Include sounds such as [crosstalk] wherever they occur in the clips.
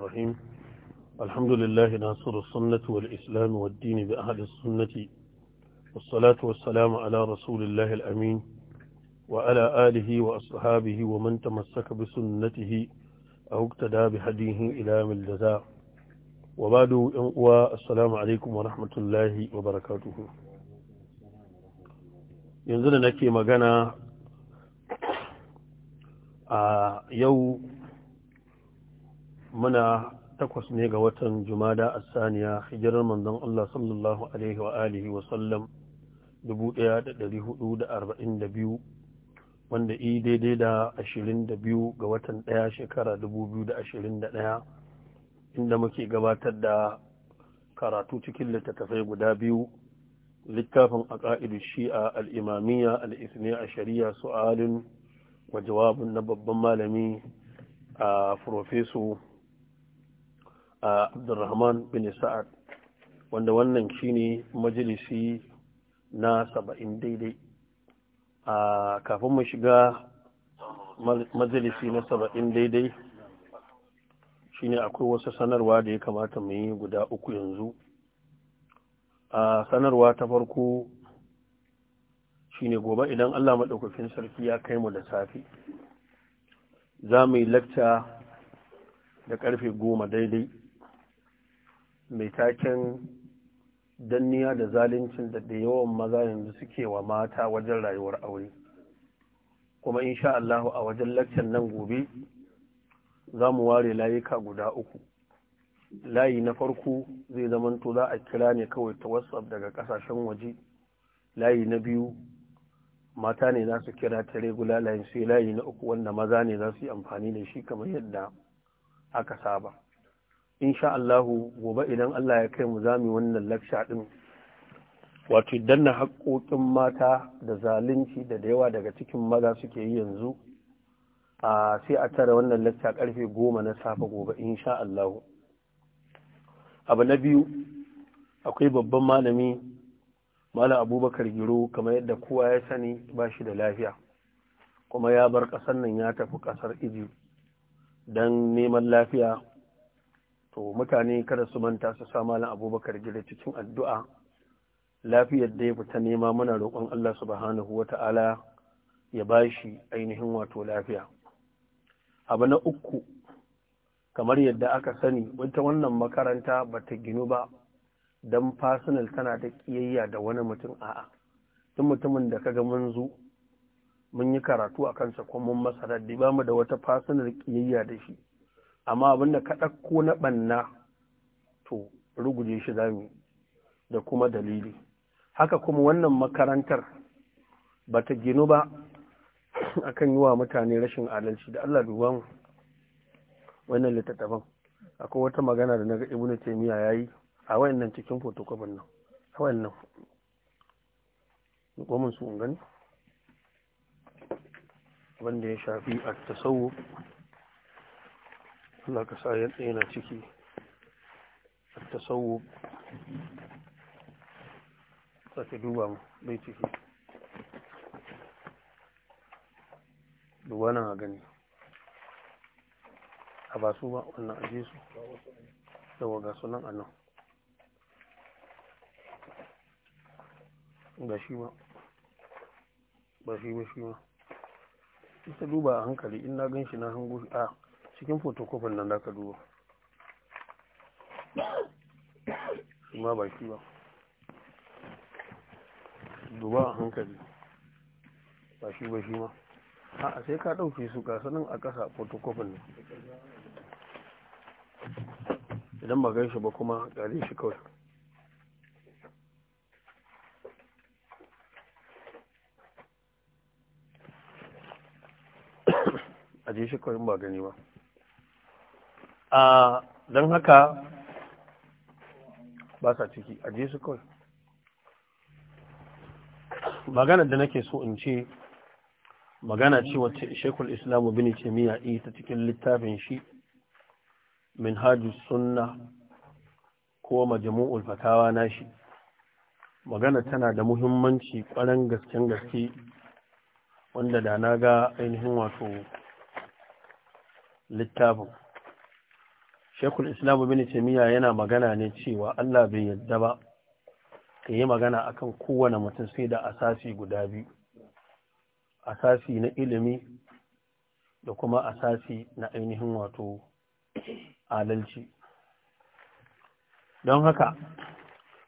الرحيم الحمد لله ناصر السنة والإسلام والدين بأهل السنة والصلاة والسلام على رسول الله الأمين وعلى آله وأصحابه ومن تمسك بسنته أو اقتدى بهديه إلى من الجزاء وبعد والسلام عليكم ورحمة الله وبركاته ينزل نكي مغانا آه يوم muna takwas ne ga watan jumada asaniya hijirar manzon Allah sallallahu alaihi wa alihi wa sallam 1442 wanda i daidai da 22 ga watan ɗaya shekara 2021 inda muke gabatar da karatu cikin littattafai guda biyu littafin a ƙa'idu shi'a al'imamiyya al'isne a shari'a su'alin wa jawabin na babban malami a furofeso A abdurrahman bin sa'ad wanda wannan shine majalisi na saba'in daidai a kafin mu shiga majalisi na saba'in daidai shine akwai wasu sanarwa da ya kamata mu yi guda uku yanzu a sanarwa ta farko shine gobe idan Allah maɗaukakin sarki ya kai mu da safe za mu yi lakta da ƙarfe goma daidai mai taken danniya da zaluncin da da yawan maza yanzu suke wa mata wajen rayuwar aure kuma insha Allah a wajen laccan nan gobe za mu ware layuka guda uku layi na farko zai zamanto za a kira ne kawai ta whatsapp daga kasashen waje layi na biyu mata ne za su kira ta regula line sai layi na uku wanda maza ne za su yi amfani da shi kamar yadda aka saba In sha Allahu gobe idan Allah ya kai mu zami wannan laksha ɗin wato danna haƙoƙin mata da zalunci da da yawa daga cikin maza suke yi yanzu a sai a tara wannan laksha ƙarfe goma na safe gobe in sha Allahu abu na biyu akwai babban malami malam abubakar giro kamar yadda kowa ya sani ba shi da lafiya kuma ya bar ƙasar nan ya tafi ƙasar iji don neman lafiya to mutane kada su manta su sa malam abubakar gida cikin addu'a lafiyar da ya fita nema muna roƙon Allah subhanahu wa ta'ala ya ba shi ainihin wato lafiya abu na uku kamar yadda aka sani wata wannan makaranta ba ta ginu ba don fasinal tana da ƙiyayya da wani mutum a'a tun mutumin da kaga mun zo mun yi karatu a kansa kuma mun masa raddi ba mu da wata fasinal ƙiyayya da shi amma abinda ka ɗauko na ɓanna to ruguje shi zami da kuma dalili haka kuma wannan makarantar ba ta ginu ba akan [clears throat] yi wa mutane rashin adalci da Allah duba wannan littattafan akwai wata magana da naga ibnu taymiya yayi a wayannan cikin photocopy nan a wayannan ko mun su gani wanda ya shafi at-tasawuf Allah ka sa yadda yana ciki za sake duba mu bai ciki duba nan a gani a ba su ba wannan aje su yawa ga sunan a nan ga shi ba ba shi ba shi ba ita duba a hankali in na gan shi na hango shi a cikin fotokofin nan zaka duba ma baki ba duba a hankali ba shi ba shi ma a sai ka ɗauke su gasanin a ƙasa fotokofin nan idan ba gan shi ba kuma ƙare shi kawai [coughs] aje shi kawai ba gani ba a don haka ba sa ciki a je su kawai magana da nake so in ce magana ce wacce shekul islamu bin taimiyya ta cikin littafin shi min hajji sunna ko majamu'ul fatawa na shi magana tana da muhimmanci ƙwarar gasken gaske wanda da na ga ainihin wato littafin shekul islamu bin taimiyya yana magana ne cewa allah bai yadda ba ka yi magana akan kowane mutum sai da asasi guda biyu asasi na ilimi da kuma asasi na ainihin wato adalci don haka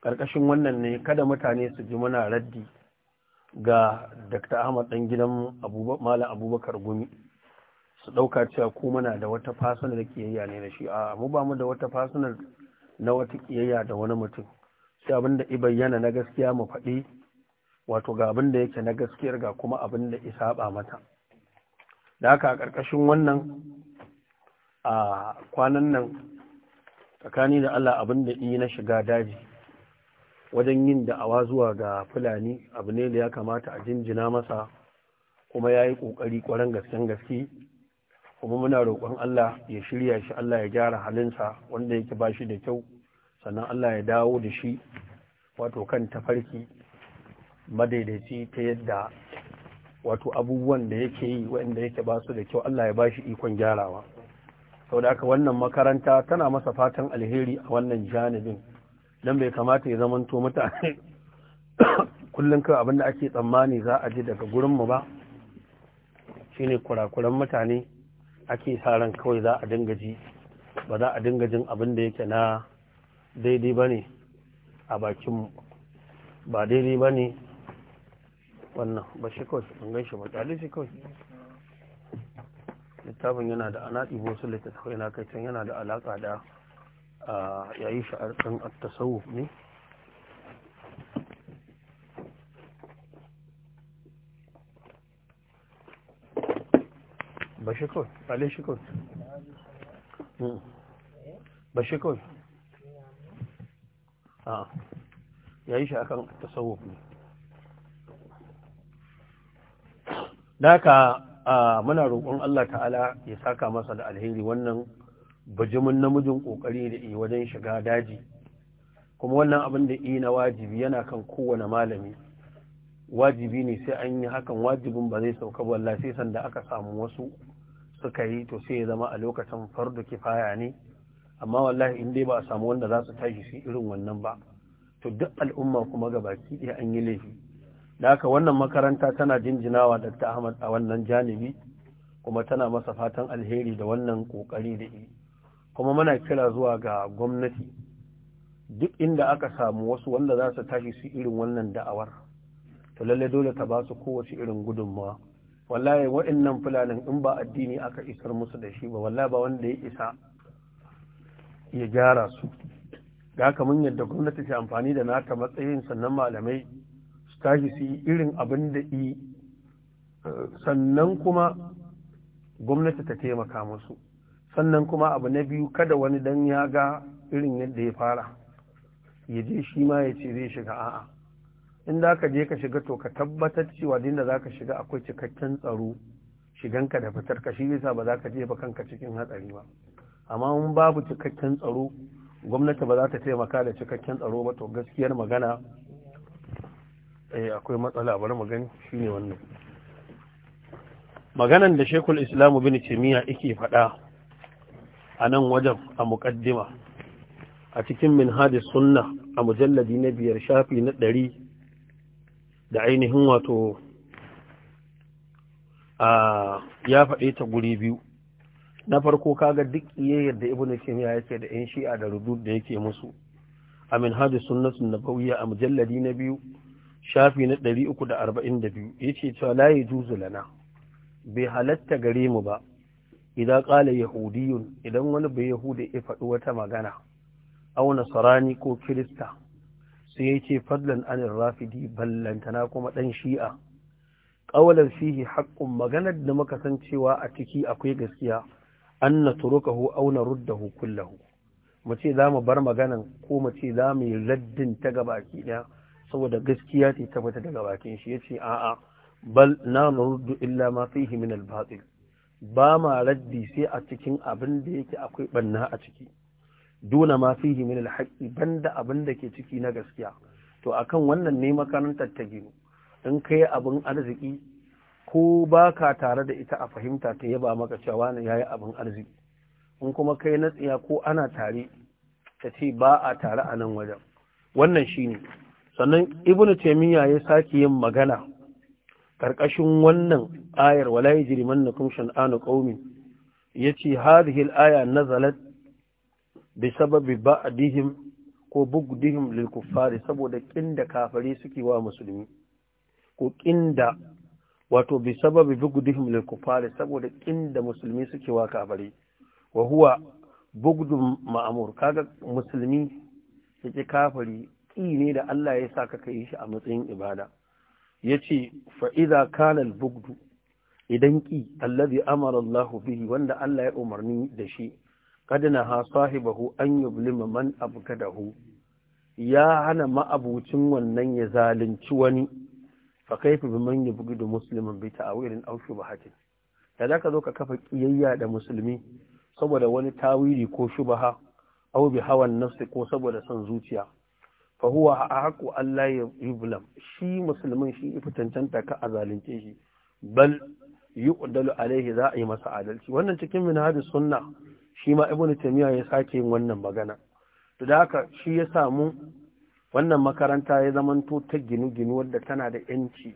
ƙarƙashin wannan ne kada mutane su ji muna raddi ga dr ahmad ɗan gidan malam abubakar gumi su ɗauka cewa ko muna da wata fasanar da kiyayya ne na shi a mu ba mu da wata fasanar na wata kiyayya da wani mutum sai abin da ibayyana na gaskiya mu faɗi wato ga abin da yake na gaskiyar ga kuma abin da ba mata da haka a ƙarƙashin wannan a kwanan nan tsakani da Allah abin da yi na shiga daji wajen yin da'awa zuwa ga fulani abu ne da ya kamata a jinjina masa kuma ya yi ƙoƙari ƙwaron gasken gaske kuma muna roƙon Allah ya shirya shi Allah ya gyara halinsa wanda yake ba shi da kyau sannan Allah ya dawo da shi wato kan tafarki madaidaici ta yadda wato abubuwan da yake yi wanda yake ba su da kyau Allah ya ba shi ikon gyarawa sau da aka wannan makaranta tana masa fatan alheri a wannan janibin don bai kamata ya zamanto mutane [coughs] kullum kawai abin da ake tsammani za a ji daga gurinmu ba shine kurakuran mutane ake sa ran kawai za a dinga ji ba za a dinga jin abin da yake na daidai ba ne a bakinmu ba daidai ba ne wannan ba shi kawai an gan shi matsali shi kawai littafin yana da ana ɗibo su littattafai na kai can yana da alaƙa da yayi sha'ar ɗan tasawuf ne ba hmm. a ah. ya yi shi akan tasawuf ne muna roƙon Allah ta'ala ya saka masa da alheri wannan bajimin namijin ƙoƙari da yi wajen shiga daji kuma wannan abin da na wajibi yana kan kowane malami wajibi ne sai an yi hakan wajibin ba zai sauka ba sai sanda aka samu wasu suka yi to sai ya zama a lokacin fardu kifaya ne amma wallahi in dai ba a samu wanda za su tashi su irin wannan ba to duk al'umma kuma ga baki ɗaya an yi laifi da haka wannan makaranta tana jinjinawa da ta Ahmad a wannan janibi kuma tana masa fatan alheri da wannan kokari da yi kuma muna kira zuwa ga gwamnati duk inda aka samu wasu wanda za su tashi su irin wannan da'awar to lallai dole ta ba su kowace irin gudunmawa wallahi waɗannan fulanin in ba addini aka isar musu da shi ba wallahi ba wanda ya isa ya gyara su ga kamar yadda gwamnati ta amfani da nata matsayin sannan malamai su tashi su yi irin abin da yi sannan kuma gwamnati ta taimaka musu sannan kuma abu na biyu kada wani dan ya ga irin yadda ya fara ya je shi ma ya ce zai shiga a'a in za ka je ka shiga to ka tabbatar cewa din da za ka shiga akwai cikakken tsaro shiganka da fitar ka shi yasa ba za ka jefa kanka cikin hatsari ba amma in babu cikakken tsaro gwamnati ba za ta taimaka da cikakken tsaro ba to gaskiyar magana eh akwai matsala bari mu gani shine wannan maganan da Sheikhul Islam Ibn Taymiyyah yake faɗa a nan wajen a muqaddima a cikin Minhaj Sunnah a mujalladi na biyar shafi na ɗari da ainihin wato ya faɗe ta guri biyu na farko kaga duk iya da Ibn kimiyya yake da yan shi'a da rudud da yake musu a minhaj sunnatun nabawiyya a mujalladi na biyu shafi na ɗari uku da da arba'in biyu ya ce cewa layi juzu lana bai halatta gare mu ba idan ƙala yahudiyun idan wani bai yahudi ya faɗi wata magana auna nasarani ko kirista sai ya ce fadlan anin rafidi ballantana kuma ɗan shi'a ƙawalar fihi haƙƙun maganar da muka san cewa a ciki akwai gaskiya an na turukahu auna ruddahu kullahu mu ce za mu bar maganan ko mu ce za mu yi raddin ta gabaki ɗaya saboda gaskiya ce ta fita daga bakin shi ya ce a'a bal na ruddu illa ma fihi min al ba ma raddi sai a cikin abin da yake akwai banna a ciki duna ma fihi min alhaqi banda abin da ke ciki na gaskiya to akan wannan ne makarantar ta gino in kai abin arziki ko ba ka tare da ita a fahimta ta yaba maka cewa ne yayi abin arziki in kuma kai na tsiya ko ana tare ta ce ba a tare a nan wajen wannan shine sannan ibnu taymiya ya sake yin magana karkashin wannan ayar wala yajrimannakum shan'anu qaumin yace hadhihi al-aya nazalat bi sababi ba'dihim ko bugdihim lil kuffari saboda kinda kafari suke wa musulmi ko kinda wato bi sababi bugdihim lil kuffari saboda kinda musulmi suke wa kafari wa huwa bugdun ma'amur kaga musulmi yake kafari ƙi ne da Allah ya sa ka kai shi a matsayin ibada yace fa idza kana al bugdu idan ƙi allazi amara Allah bihi wanda Allah ya umarni da shi kada na ha sahibahu an yublima man abgadahu ya hana ma'abucin wannan ya zalunci wani fa kaifa bi man yubgidu musliman bi ta'wilin aw shubhatin da zaka zo ka kafa kiyayya da musulmi saboda wani tawili ko shubaha aw bi hawan nafsi ko saboda son zuciya fa huwa haqqu Allah ya yublam shi musulmin shi ifi tantanta ka a zalunce shi bal yuqdalu alaihi za a yi masa adalci wannan cikin min minhajus sunna shi ma ibn tamiya ya sake yin wannan magana to da haka shi ya samu wannan makaranta ya zamanto ta ginu-ginu wadda tana da yanci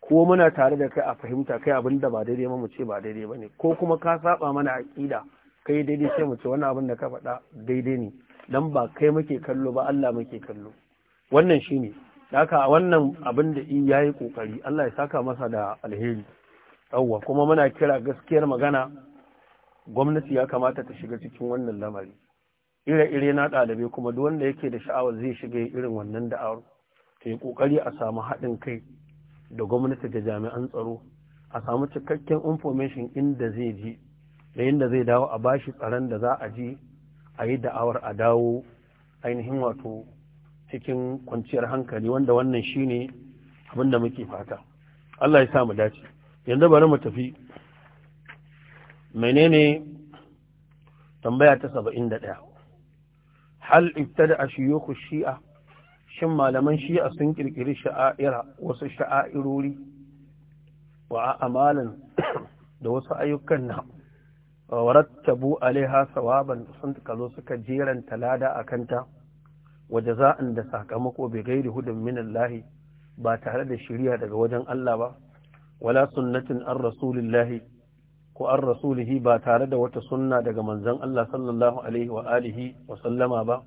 ko muna tare da kai a fahimta kai abin da ba daidai mu ce ba daidai ba ne, ko kuma ka saba mana aqida kai daidai sai mu ce wannan abin da ka faɗa daidai ne dan ba kai muke kallo ba Allah muke kallo wannan shi shine haka a wannan abin da in yi kokari Allah ya saka masa da alheri yawwa kuma muna kira gaskiyar magana gwamnati ya kamata ta shiga cikin wannan lamari ire-ire na ɗalibai kuma duk wanda yake da sha'awar zai shiga irin wannan da'awar ta yi ƙoƙari a samu haɗin kai da gwamnati da jami'an tsaro a samu cikakken information inda zai ji da inda zai dawo a bashi tsaron da za a je a yi da'awar a dawo ainihin wato cikin kwanciyar hankali wanda wannan shine abin da muke fata Allah ya sa mu dace yanzu bari mu tafi menene tambaya ta saba'in da ɗaya hal ibtada a shiyuku shi'a shin malaman shi'a sun ƙirƙiri sha'a'ira wasu sha'a'irori wa amalan da wasu ayyukan na warattabu alaiha sawaban sun kazo suka jeranta lada a kanta wa jaza'an da sakamako bai gairi hudun minallahi ba tare da shirya daga wajen Allah ba wala sunnatin an rasulillahi ko an rasulihi ba tare da wata sunna daga manzon Allah sallallahu alaihi wa alihi wa sallama ba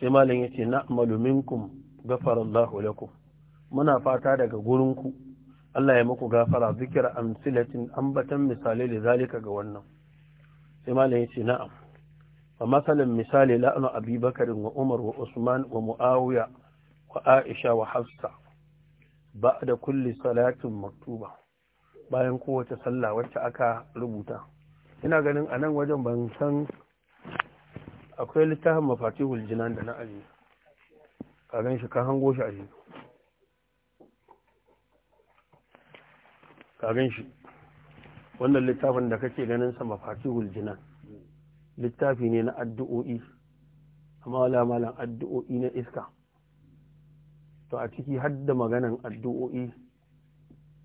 sai malam yace na'malu minkum Allah lakum muna fata daga gurinku Allah ya muku gafara zikir amsilatin ambatan misali da zalika ga wannan sai malam yace na'am fa masalan misali la'nu Abi Bakar wa Umar wa Usman wa Muawiya wa Aisha wa Hafsa ba'da kulli salatin maktuba bayan kowace sallah wacce aka rubuta ina ganin a nan wajen ban san akwai littafin mafatihul huljinan da na aji a gan shi ka hango shi aji ka gan shi wannan littafin da kake ganin sa mafatihul huljinan littafi ne na addu'o'i amma wala malan addu'o'i na iska to a ciki hadda maganan addu'o'i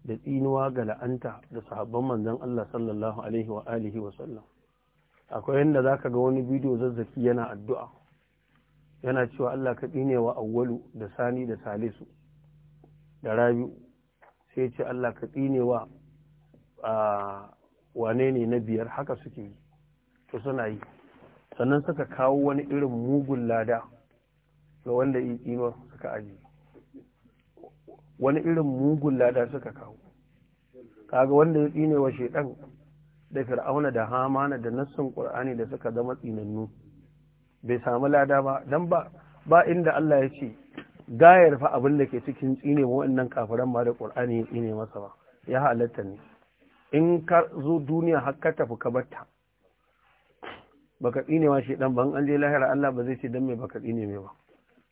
da tsinuwa ga la'anta da sahabban manzon Allah sallallahu alaihi wa alihi wa sallam akwai za zaka ga wani bidiyo zazzaki yana addu'a yana cewa Allah ka tsine wa awwalu da sani da salisu da rabi sai ce Allah ka tsine wa wane ne na biyar haka suke yi to suna yi sannan suka kawo wani irin mugun lada ga wanda yi tsino suka aji wani irin mugun lada suka kawo kaga wanda ya tsine wa shedan da fir'auna da hamana da nassin qur'ani da suka zama tsinannu bai samu lada ba dan ba ba inda Allah ya ce gayar fa abin da ke cikin tsine wa wannan kafiran ma da qur'ani ya tsine masa ba ya halatta ne in ka zo duniya har ka tafi ka batta baka tsine wa shedan ban an je lahira Allah ba zai ce dan me baka tsine me ba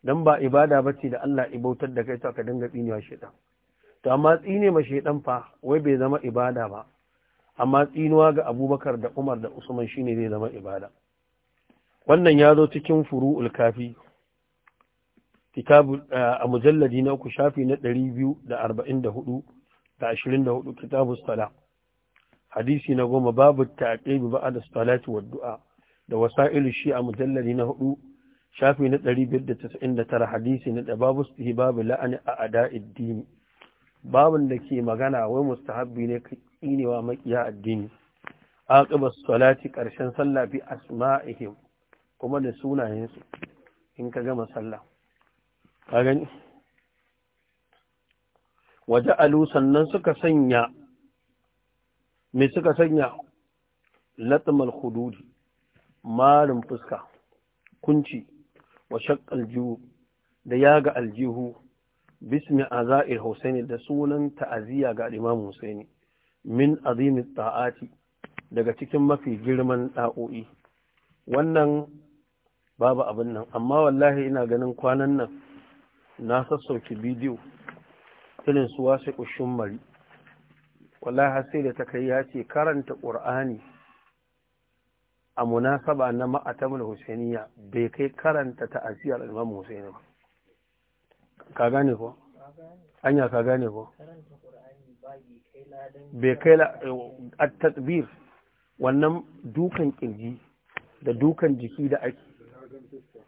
dan ba ibada ba ce da Allah ibautar da kai to ka dinga tsinewa shedan to amma tsine ma shedan fa wai bai zama ibada ba amma tsinuwa ga Abubakar da Umar da Usman shine zai zama ibada wannan ya zo cikin furu'ul kafi kitabu a mujalladi na uku shafi na 244 da 24 kitabu sala hadisi na goma babu ta'qibi ba'da salati wa du'a da wasailu shi a mujalladi na hudu shafi na 599 hadisi da babu babu la'ani a ada dini babin da ke magana wai mustahabbi ne ka tsinewa makiya addini aqibar salati ƙarshen sallah bi asma'ihim kuma da sunayensu in ka gama sallah waje alu sannan suka me suka sanya latmal hududi Malam fuska kunci wa shaq aljihu da yaga aljihu bismi azair husaini da sunan ta'aziyya ga imam husaini min azimi ta'ati daga cikin mafi girman da'o'i wannan babu abin nan amma wallahi ina ganin kwanan nan na sassauki bidiyo irin su wasu ƙushin mari wallahi har sai da ta kai ya ce karanta ƙur'ani a munasaba na ma'atamul husainiya bai kai karanta ta'aziyar imam husaini ba ka gane ko anya ka gane ko bai kai at-tadbir wannan dukan kirji da dukan jiki da ake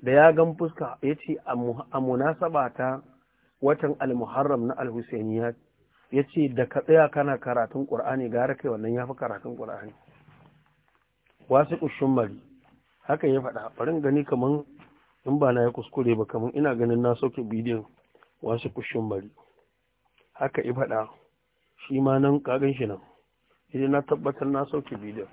da ya gan fuska yace a munasaba ta watan al-muharram na al-husainiya yace da ka tsaya kana karatun qur'ani gara kai wannan yafi karatun qur'ani wasu ƙushin mari haka ya faɗa farin gani kamar in ba na ya kuskure ba kamar ina ganin na sauke bidiyon wasu ƙushin mari haka ya faɗa shi ma nan kagan shi nan idan na tabbatar na sauke bidiyon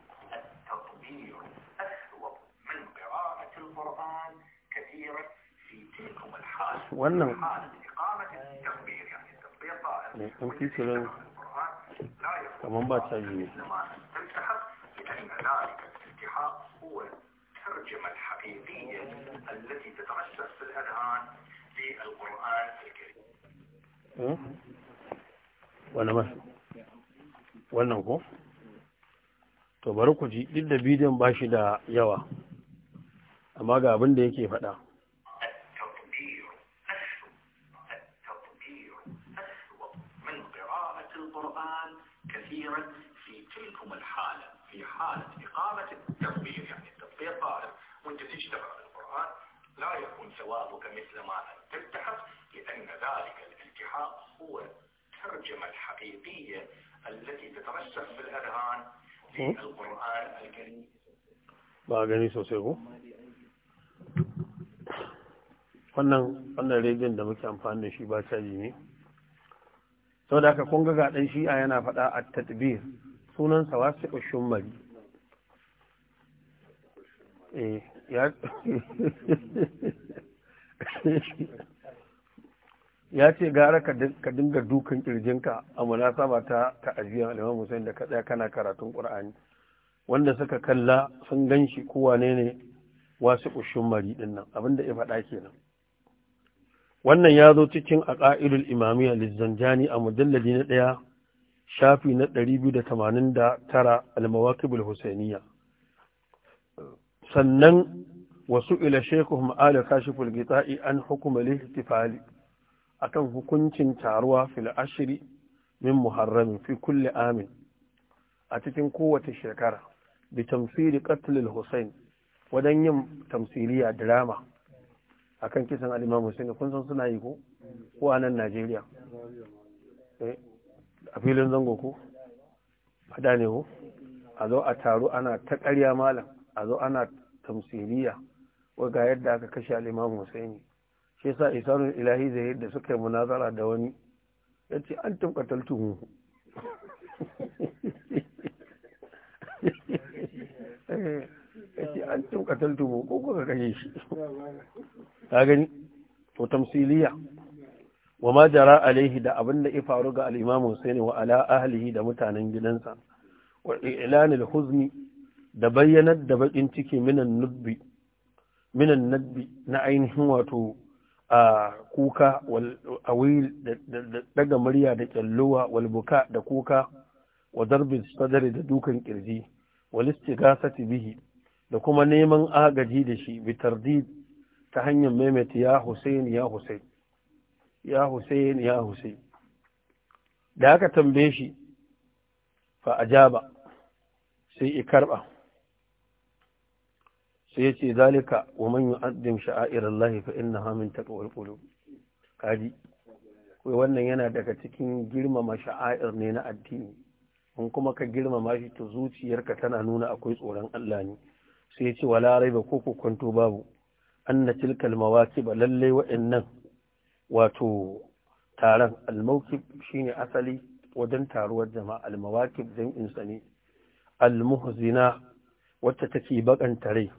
wannan ne kan kisirin kamar ba ta biyu الترجمة الحقيقية التي في الأذهان القرآن الكريم ما wannan ko? to bari ku ji duk da bidiyon ba shi da yawa amma ga abin da yake faɗa كثيرا في تلكم الحاله في حالة إقامة التطبيق يعني التطبيق قائم وانت تشتغل على القرآن لا يكون ثوابك مثل ما أن تلتحق لأن ذلك الالتحاق هو الترجمة الحقيقية التي تترسخ في الأذهان للقرآن الكريم باغani sosai ko wannan wannan rediyon da muke amfani da shi ba caji ne sau da aka kunga ga dan shi a yana faɗa at tatbir sunansa wasu ƙashin mari eh, [laughs] ya ce gara ka dinga dukan ƙirjinka a munasaba ta ta'aziyar alimam musayin da kaɗaya kana karatun ƙur'ani wanda suka kalla sun gan shi kowane ne wasu ƙushin mari ɗin nan abinda ya faɗa kenan wannan ya zo cikin a ƙa'idul imamiyya lizzanjani a mujalladi na ɗaya shafi na ɗari biyu da tara mawaqibul husainiyya sannan wasu ila shekuhum ala kashiful gita'i an hukuma a kan hukuncin taruwa fil ashiri min muharrami fi kulli amin a cikin kowace shekara bi tamsiri qatl husain wadan yin tamsiliya drama kan kisan alimamu imam kun san suna yi ko ko a nan Najeriya eh. a filin zango ko fada ne ko a zo a taro ana ta ƙarya malam a zo ana tamsiriya wai ga yadda aka kashe al'imamu husaini shi yasa isanul ilahi zai yadda suka yi munazara da wani ya ce an tumkatar tuhu [laughs] eh, ya ce an tumkatar tuhu ko kuka kashe shi ta [laughs] gani to tamsiliya wa ma jara alaihi da abin da ya faru ga al-Imam Husaini wa ala ahlihi da mutanen gidansa wa i'lanil huzni da bayyanar da bakin ciki minan nubbi na ainihin wato a kuka awil da daga murya da kyalluwa walbuka da kuka wa darbin sadari da dukan kirji wal istighasati bihi da kuma neman agaji da shi bi ta hanyar maimaita ya Hussein ya Hussein ya Hussein ya Hussein da aka tambaye shi fa ajaba sai i karba sai ya ce zalika wa man yu'addim lahi fa innaha min taqwal qulub kaji kai wannan yana daga cikin girmama sha'air ne na addini in kuma ka girmama shi to zuciyarka tana nuna akwai tsoron Allah ne sai ya ce wala raiba ko ko kwanto babu anna tilkal mawaqib lallai wa'annan wato taron almaukib shine asali wajen taruwar jama'a almawakib zan insa ne almuhzina wacce take bakanta rai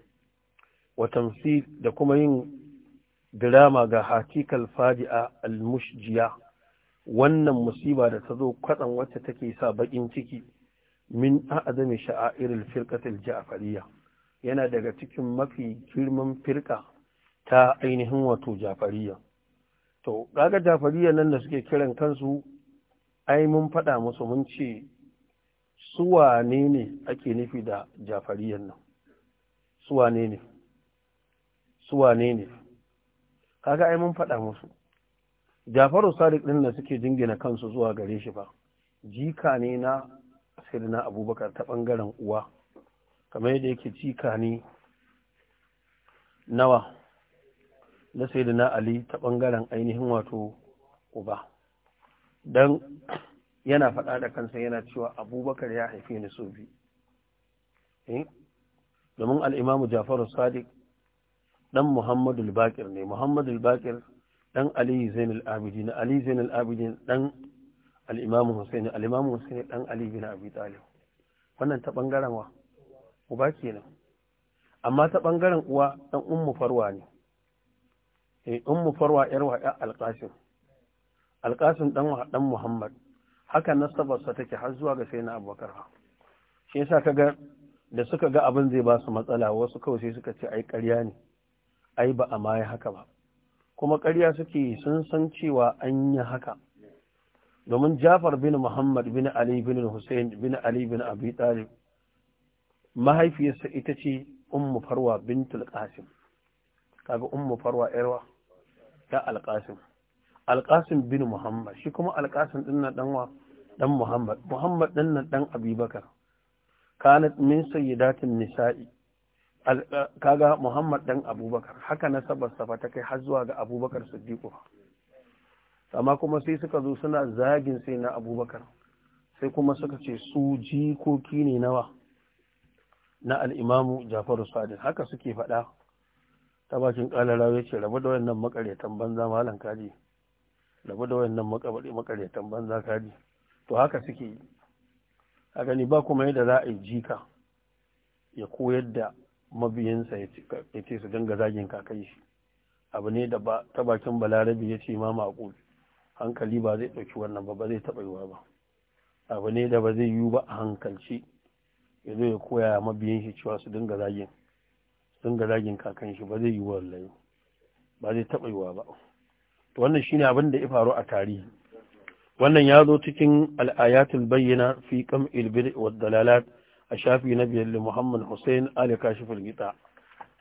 wa tamsil da kuma yin dirama ga hakikal fadi'a almushjiya wannan musiba da ta zo kwatsan wacce take sa bakin ciki min a'zami sha'airil firqatil ja'fariyya yana daga cikin mafi girman firka ta ainihin wato ja'fariyya to kaga jafariya nan da suke kiran kansu ai mun faɗa musu mun ce suwa ne ne ake nufi da jafariyan nan suwa ne ne suwa ne ne kaga ai mun faɗa musu jafaru sadiq ɗin da suke jingina kansu zuwa gare shi ba jika ne na sirina abubakar ta ɓangaren uwa kamar yadda yake jika ne nawa na sayyidina ali ta bangaren ainihin wato uba dan yana faɗa da kansa yana cewa abubakar ya haife ni so bi. Eh? domin al'imamu jafaru sadiq ɗan muhammadu bakir ne muhammadu bakir ɗan aliyu zain al'abidi na aliyu zain al'abidi ɗan al'imamu hussein al'imamu hussein ɗan aliyu bin abi talib wannan ta ɓangaren wa uba kenan amma ta ɓangaren uwa ɗan ummu farwa ne eh ummu farwa yar wa alqasim alqasim dan wa dan muhammad haka nasabarsa take har zuwa ga sayyidina abubakar shi yasa ga da suka ga abin zai ba su matsala wasu kawai sai suka ce ai ƙarya ne ai ba a ma yi haka ba kuma ƙarya suke sun san cewa an yi haka domin jafar bin muhammad bin ali bin hussein bin ali bin abi talib mahaifiyarsa ita ce ummu farwa bintul qasim kaga ummu farwa yarwa ta alƙasim alƙasim bin muhammad shi kuma alƙasim ɗin na dan ɗan muhammad muhammad ɗin na ɗan abubakar kanat min sayyidatin nisa'i eh, kaga muhammad ɗan abubakar haka na safa ta kai har zuwa ga abubakar siddiqu amma kuma sai suka zo suna zagin sai na abubakar sai kuma suka ce su jikoki ne nawa na al'imamu jafaru sadin haka suke faɗa ta bakin kalarawa ya ce rabu da wayannan makaretan banza malam kaji rabu da wayannan makaretan banza kaji to haka suke yi a gani ba kuma yadda za a yi jika ya koyar da mabiyansa ya ce su dinga zagin kakai shi abu ne da ta bakin balarabi ya ce ma maƙul hankali ba zai ɗauki wannan ba ba zai taɓa yiwa ba abu ne da ba zai yiwu ba a hankalci ya zo ya koya mabiyan shi cewa su dinga zagin dinga zagin kakan shi ba zai yi wallahi ba zai taɓa yiwa ba wannan shine abin da ya faru a tarihi wannan ya zo cikin al'ayatul bayyana fi qam'il bid'i dalalat a shafi na biyar Muhammad Hussein Ali Kashiful Gita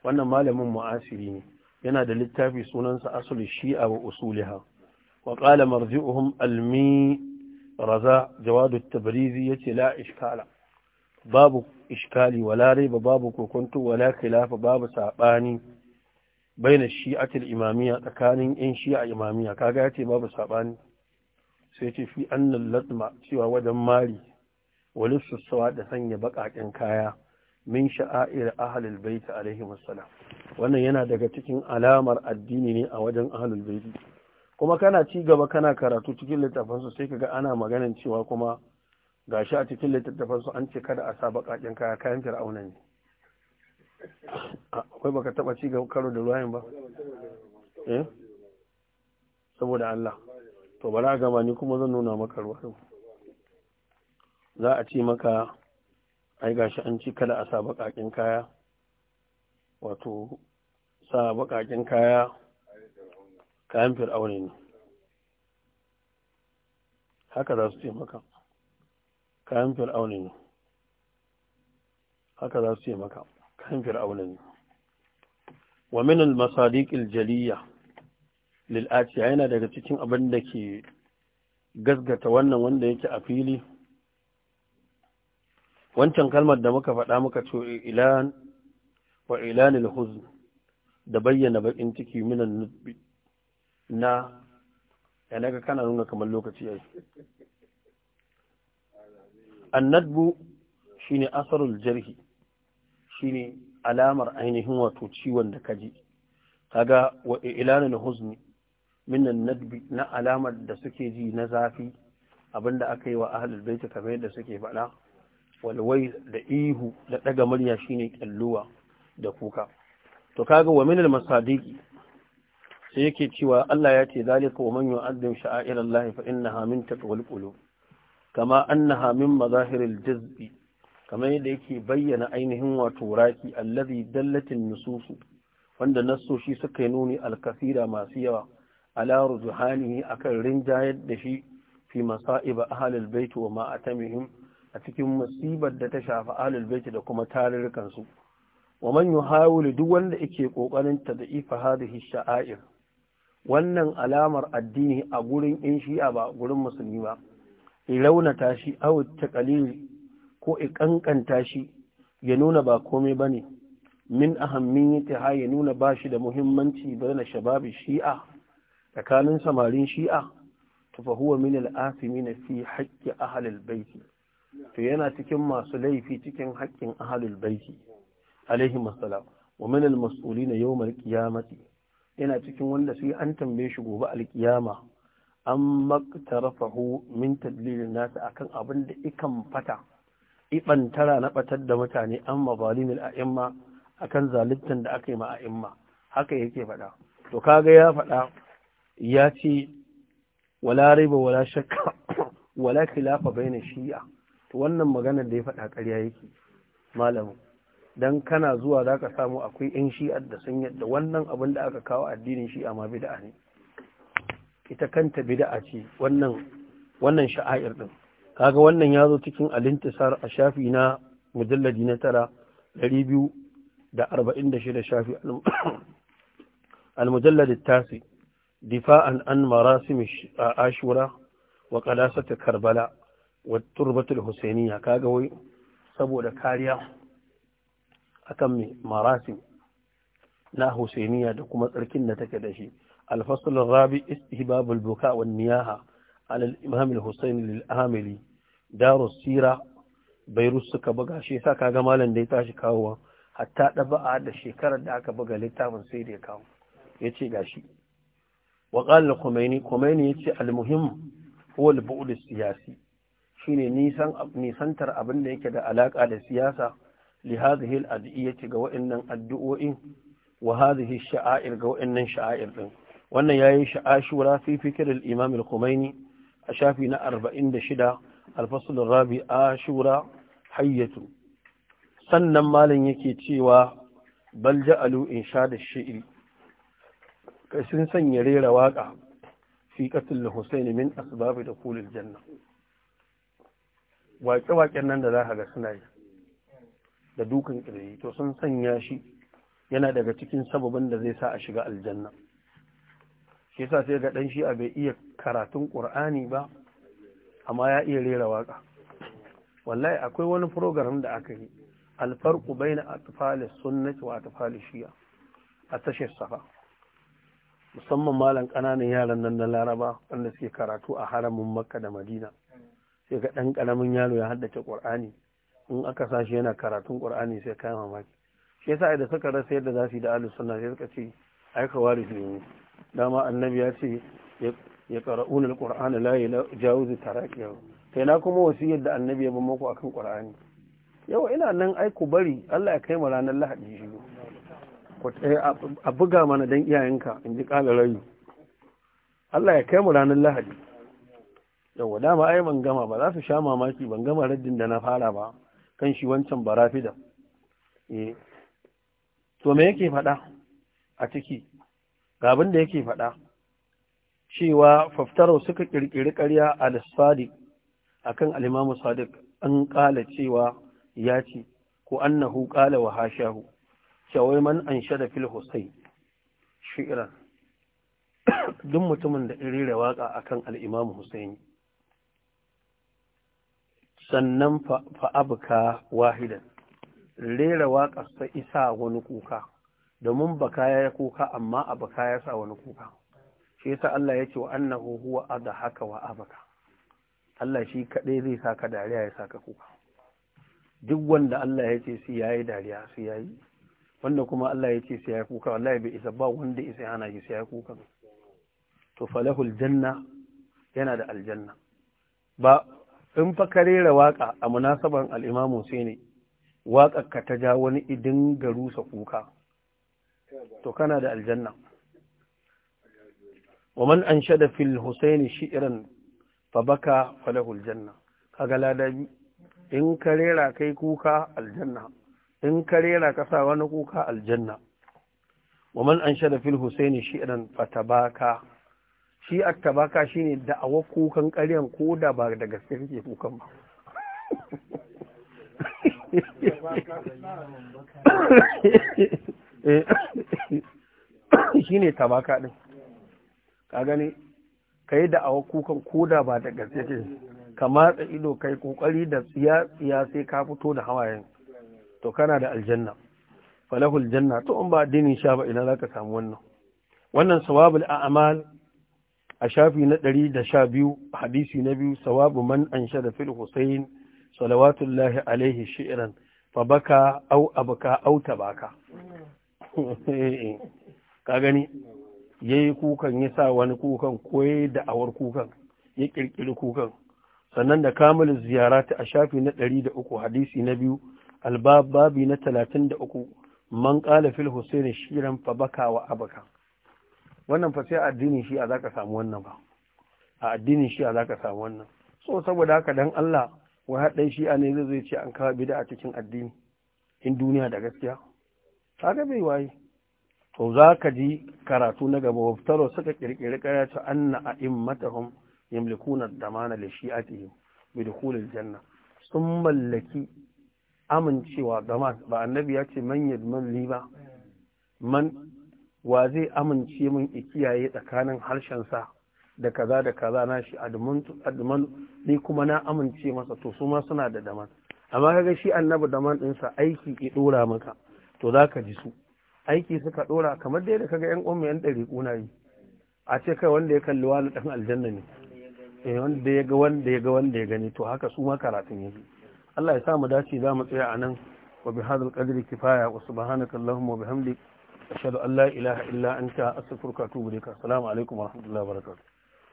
wannan malamin mu'asiri ne yana da littafi sunansa asul shi'a wa usuliha wa qala marji'uhum almi raza jawad at-tabrizi yace la ishkala babu iskali wala raiba babu kokonto wala khilafa babu sabani baina shi'atul imamiyya tsakanin yan shi'a imamiyya kaga yace babu sabani sai ce fi annal latma cewa wajen mari walissu sawa da sanya bakaken kaya min sha'air ahlul bait alaihi wassalam wannan yana daga cikin alamar addini ne a wajen ahlul bait kuma kana ci gaba kana karatu cikin littafansu sai sai kaga ana maganan cewa kuma ga shi a cikin littattafan su an ce kada a sa baƙaƙen kaya kayan fir'auna ne akwai baka taba ci ga karo da ruwayin ba eh saboda Allah to bara gaba ni kuma zan nuna maka ruwayin za a ci maka ai gashi an ci kada a sa baƙaƙen kaya wato sa baƙaƙen kaya kayan fir'auna ne haka za su ce maka kayan fir'auni ne haka za su ce maka kayan fir'auni ne wa min al-masadiq al-jaliya lil yana daga cikin abin da ke gasgata wannan wanda yake a fili wancan kalmar da muka faɗa muka ce ilan wa ilanil huzn da bayyana bakin ciki min al-nubbi na yana ga kana nuna kamar lokaci yayi annadbu shine asarul jarhi shine alamar ainihin wato ciwon da kaji kaga wa ilanul huzni min annadbi na alamar da suke ji na zafi abinda aka yi wa ahlul bait kamar yadda suke faɗa walwai da ihu da daga murya shine kalluwa da kuka to kaga wa min masadiƙi sai yake cewa Allah ya ce zalika wa man yu'azzim sha'airallahi fa innaha min taqwal qulub kama annaha min mazahiril jazbi kamar yadda yake bayyana ainihin wato raki allazi dallatin nususu wanda nassoshi suka yi nuni alkasira masu yawa ala rujuhanihi akan rinjayar da shi fi masa'ib ahlul bait wa ma atamihim a cikin musibar da ta shafi ahlul bait da kuma tarurrukan su wa man yuhawilu duk wanda yake kokarin tad'ifa hadhihi sha'air wannan alamar addini a gurin in shi'a ba gurin musulmi ba raunata shi awu taqalil ko i kankanta shi ya nuna ba komai bane min ahammiyatiha ya nuna ba shi da muhimmanci bana shababi shi'a tsakanin samarin shi'a to fa huwa min al fi haqqi ahli al to yana cikin masu laifi cikin haƙƙin ahlul baiti alaihi masalam wa min al-mas'ulina yawm qiyamati yana cikin wanda sai an tambaye shi gobe al-qiyama an maktarafahu min tadlilin nasa akan abin da ikan fata tara na batar da mutane an al a'imma akan zaluntan da aka yi ma a'imma haka yake faɗa to kaga ya faɗa ya ce wala riba wala shakka [coughs] wala khilafa baina shi'a to wannan magana da ya faɗa ƙarya yake malamu dan kana zuwa zaka samu akwai yan shi'a da sun yadda wannan abin da aka kawo addinin shi'a ma bid'a ne ita kanta bid'a ce wannan wannan sha'air din kaga wannan yazo cikin al-intisar a shafi na mujalladi na tara 246 shafi [coughs] al-mujallad at-tasi difa'an an marasim ashura wa qalasat karbala wa turbat al-husainiyya kaga wai saboda kariya akan marasim na hussainiya da kuma tsarkin da take da shi الفصل الرابع استهباب البكاء والنياحة على الإمام الحسين للآملي دار السيرة بيروس suka buga shi yasa kaga malam da ya tashi kawowa hatta daba'a da shekarar da aka buga littafin sai da ya kawo yace gashi wa qala al-Khomeini Khomeini yace al-muhim huwa al siyasi shine nisan nisantar abin da yake da alaka da siyasa li hadhihi al-ad'iyati ga wa'annan addu'o'in wa hadhihi ash-sha'air ga wa'annan sha'air din wannan ya yi shi ashura fi fikir alimam imam al-kumaini a shafi na arba'in da shida, alfasul rabi ashura hayyatu sannan malin yake cewa bal alu in sha da shi'iri kai sun sanya rera waka fi qatl husayn min asbab da kulun janna waƙe-waƙen nan da za ka ga suna yi da dukan ƙirai to sun sanya shi yana daga cikin sababin da zai sa a shiga aljanna shi yasa sai ga dan shi'a bai iya karatun qur'ani ba amma ya iya rera waka wallahi akwai wani program da aka yi alfarqu baina atfal sunnati wa atfal shi'a a tashar safa musamman malan kananan yaran nan na laraba wanda suke karatu a haramin makka da madina sai ga dan karamin yaro ya haddace qur'ani in aka sashi yana karatun qur'ani sai kai mamaki shi yasa da suka rasa yadda za su yi da ahlus sunna sai suka ce ai kawari ne dama annabi ya ce ya qara'un alquran la yajuzu tarakiyahu kai na kuma wasu yadda annabi ya ban a akan ƙura'ani yau ina nan aiku bari Allah ya kai mu ranar lahadi shi eh, a buga mana dan iyayenka in ji ƙala rayu Allah ya kai mu ranar lahadi yau dama ai ban gama ba za su sha mamaki ban gama raddin da na fara ba kan shi wancan barafida eh to me yake faɗa a ciki ga abin da yake faɗa cewa faftaro suka ƙirƙiri ƙarya a sadiq akan kan alimamu sadiq an ƙala cewa ya ce ko annahu ƙala wa hashahu cewa man an shada fil Shi shi'ran duk mutumin da rera waka akan al-imamu husayn sannan fa'abuka wahidan rera waƙar ta isa wani kuka domin baka ya kuka amma a baka ya sa wani kuka shi yasa Allah ya ce wa annahu huwa haka wa abaka Allah shi kadai zai saka dariya ya saka kuka duk wanda Allah ya ce sai yayi dariya sai yayi wanda kuma Allah ya ce sai yayi kuka wallahi bai isa ba wanda isa yana shi yayi kuka to falahul janna yana da aljanna ba in fa karera waka a munasaban al sai ne waka ka ta ja wani idin garusa kuka to kana da aljanna ومن أنشد في الحسين شئرا فبكى فله الجنة kaga ladabi in ka rera kai kuka aljanna in ka rera ka sa wani kuka aljanna wa man anshada fil husaini shi'ran fatabaka shi attabaka shine da'awar kukan ƙaryan ko da ba da gaske kake kukan ba Eh, [coughs] shi ne tabaka ɗin ka gani ka yi da awa kukan koda ba da gaske ka matsa ido kai kokari da tsiya sai ka fito da hawayen to kana da aljanna falahul janna to in ba addinin sha ba ina zaka samu wannan wannan sawabul a'mal a shafi na 112 hadisi na biyu sawabu man ansha da fil husayn salawatullahi alaihi shi'ran fa baka au abka au tabaka [laughs] ka gani ya yi kukan ya sa wani kukan ko da awar kukan ya ƙirƙiri kukan sannan da kamalin ziyara ta a shafi na ɗari da uku hadisi na biyu albabi na talatin da uku man ƙala fil Hussein shiran fa wa abaka wannan fa sai addinin shi a za ka samu wannan ba a addinin shi a za ka samu wannan so saboda haka dan Allah wa haɗin shi a ne zai ce an kawo bida a cikin addini in duniya da gaskiya kaga bai waye to za ka ji karatu na gaba waftaro suka kirkiri ta anna a'immatahum yamlikuna ad-damana li shi'atihim bi dukhulil janna sun mallaki amincewa daman ba annabi ya ce man yadman li ba man wa zai amince min ikiyaye tsakanin harshen sa da kaza da kaza na shi adman ni kuma na amince masa to su ma suna da daman amma kaga shi annabi daman ɗinsa aiki ki dora maka to za ka ji su aiki suka ɗora kamar dai da kaga ‘yan ƙwamma ‘yan ɗari ƙuna yi a ce kai wanda ya kalli wani ɗan aljanna ne eh, wanda ya ga wanda ya ga wanda ya gani to haka su ma karatun yanzu Allah ya sa mu dace za mu tsaya a nan wa bi hadal qadri kifaya wa subhanaka allahumma wa bihamdik ashhadu an la ilaha illa anta astaghfiruka wa atubu ilaik assalamu alaikum wa rahmatullahi wa barakatuh